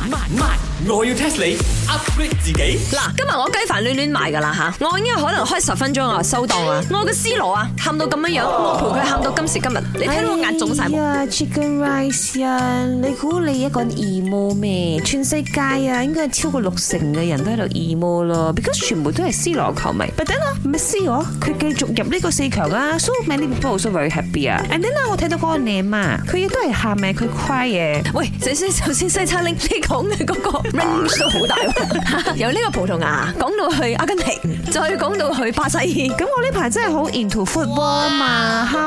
唔係唔係，我要 test 你 upgrade 自己。嗱，今日我雞飯亂亂賣噶啦吓，我應該可能開十分鐘我收檔啦。我嘅 C 羅啊，喊到咁樣樣，我陪佢喊到今時今日。你睇到我眼腫晒。Chicken rice 啊，你估你一個人二摸咩？全世界啊，應該係超過六成嘅人都喺度二摸咯，because 全部都係 C 羅球迷。But then 啊，唔係 C 羅，佢繼續入呢個四強啊，so many people so very happy 啊。And then 啊，我睇到嗰個 name 啊，佢亦都係喊命，佢 cry 嘅。喂，首先首先先差 link 呢？講嘅嗰個 range 都好大，由呢個葡萄牙，講到去阿根廷，再講到去巴西，咁我呢排真係好 into football 嘛，哈！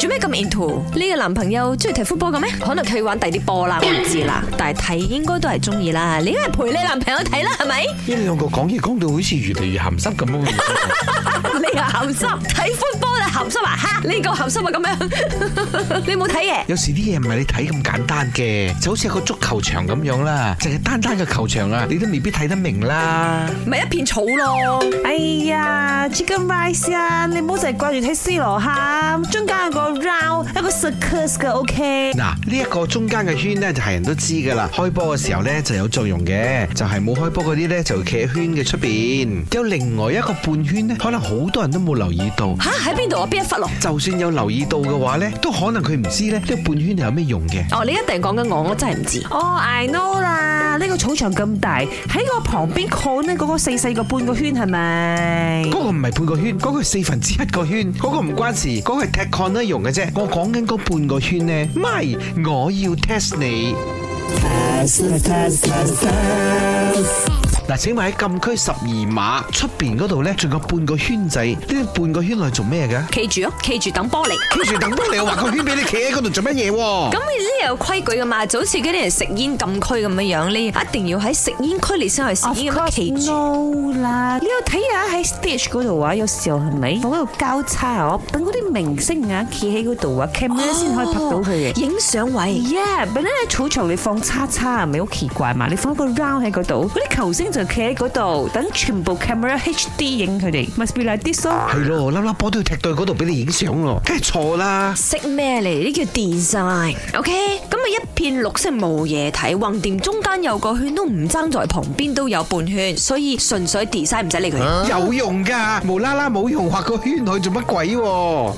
做咩咁 into？呢個男朋友中意踢 football 嘅咩？可能佢玩第啲波啦，我唔知啦。但係睇應該都係中意啦，你應該陪你男朋友睇啦，係咪？呢兩個講嘢講到好似越嚟越鹹濕咁，你又鹹濕睇 football 就鹹濕啊，哈！呢個鹹濕啊，咁樣。你冇睇嘢？有時啲嘢唔係你睇咁簡單嘅，就好似個足球場。咁樣啦，淨係單單嘅球場啊，你都未必睇得明啦。咪一片草咯。哎呀，Chicken Rice 啊，你唔好淨係掛住睇 C 羅吓，中間有個 round，一個 circle 嘅 OK。嗱，呢一、這個中間嘅圈咧就係人都知噶啦，開波嘅時候咧就有作用嘅，就係、是、冇開波嗰啲咧就企喺圈嘅出邊。有另外一個半圈咧，可能好多人都冇留意到。吓喺邊度啊？邊一忽咯？就算有留意到嘅話咧，都可能佢唔知咧呢個半圈係有咩用嘅。哦，你一定講緊我，我真係唔知。哦。I know 啦，呢、呢個草場咁大，喺我旁邊看呢嗰個細細個半個圈係咪？嗰個唔係半個圈，嗰、嗰個係、嗰個、四分之一個圈，嗰、嗰個唔關事，嗰、嗰個係踢 corner 用嘅啫。我講緊嗰半個圈呢，唔係，我要 test 你。嗱，請問喺禁區十二碼出邊嗰度咧，仲有半個圈仔？呢半個圈內做咩嘅？企住咯，企住等波嚟。企住等波嚟，我畫個圈俾你，企喺嗰度做乜嘢？咁你呢有規矩噶嘛？就好似嗰啲人食煙禁區咁樣樣，呢一定要喺食煙區嚟先可以食煙咁樣企住。No 啦，你要睇下喺 stage 嗰度啊？有時候係咪放嗰個交叉？等嗰啲明星啊，企喺嗰度啊 camera 先可以拍到佢影相位。Yeah，俾咧草場你放叉叉，咪好奇怪嘛？你放一個 round 喺嗰度，啲球星企喺嗰度等全部 camera HD 影佢哋，must be like this 咯。係咯，粒粒波都要踢到去嗰度俾你影相咯。梗係錯啦，識咩嚟？呢叫 design，OK。因為一片綠色冇嘢睇，橫掂中間有個圈，都唔爭在旁邊都有半圈，所以純粹 design 唔使理佢。有用噶，無啦啦冇用畫個圈去做乜鬼？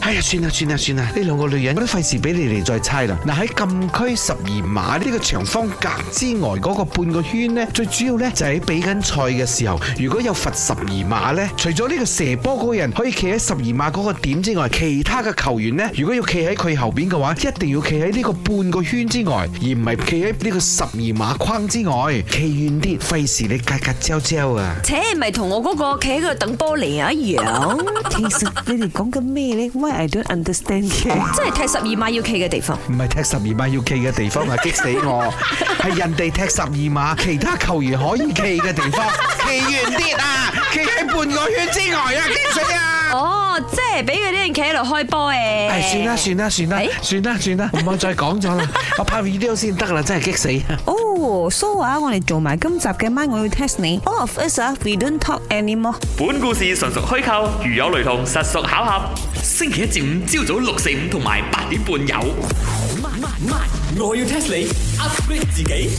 哎呀，算啦算啦算啦，呢兩個女人我都費事俾你哋再猜啦。嗱，喺禁區十二碼呢個長方格之外嗰個半個圈呢，最主要呢就係比緊賽嘅時候，如果有罰十二碼呢，除咗呢個射波嗰個人可以企喺十二碼嗰個點之外，其他嘅球員呢，如果要企喺佢後邊嘅話，一定要企喺呢個半個圈之外，而唔係企喺呢個十二碼框之外，企遠啲，費事你格格焦焦啊！切，係咪同我嗰個企喺度等波嚟一樣？ 其實你哋講緊咩咧？Why I don't understand 嘅？真係踢十二碼要企嘅地方，唔係踢十二碼要企嘅地方啊！激死我，係人哋踢十二碼，其他球員可以企嘅地方，企遠啲啊！企喺半個圈之外啊！激死啊！哦，即係俾佢啲人企喺度開波誒！唉算啦算啦算啦，算啦算啦，唔好再講咗啦，我拍 video 先得啦，真係激死啊！哦，so 啊，我哋做埋今集嘅 MY，我要 test 你。Of us，we don't talk anymore。本故事純屬虛構，如有雷同，實屬巧合。星期一至五朝早六四五同埋八點半有。My my my，我要 test 你，upgrade 自己。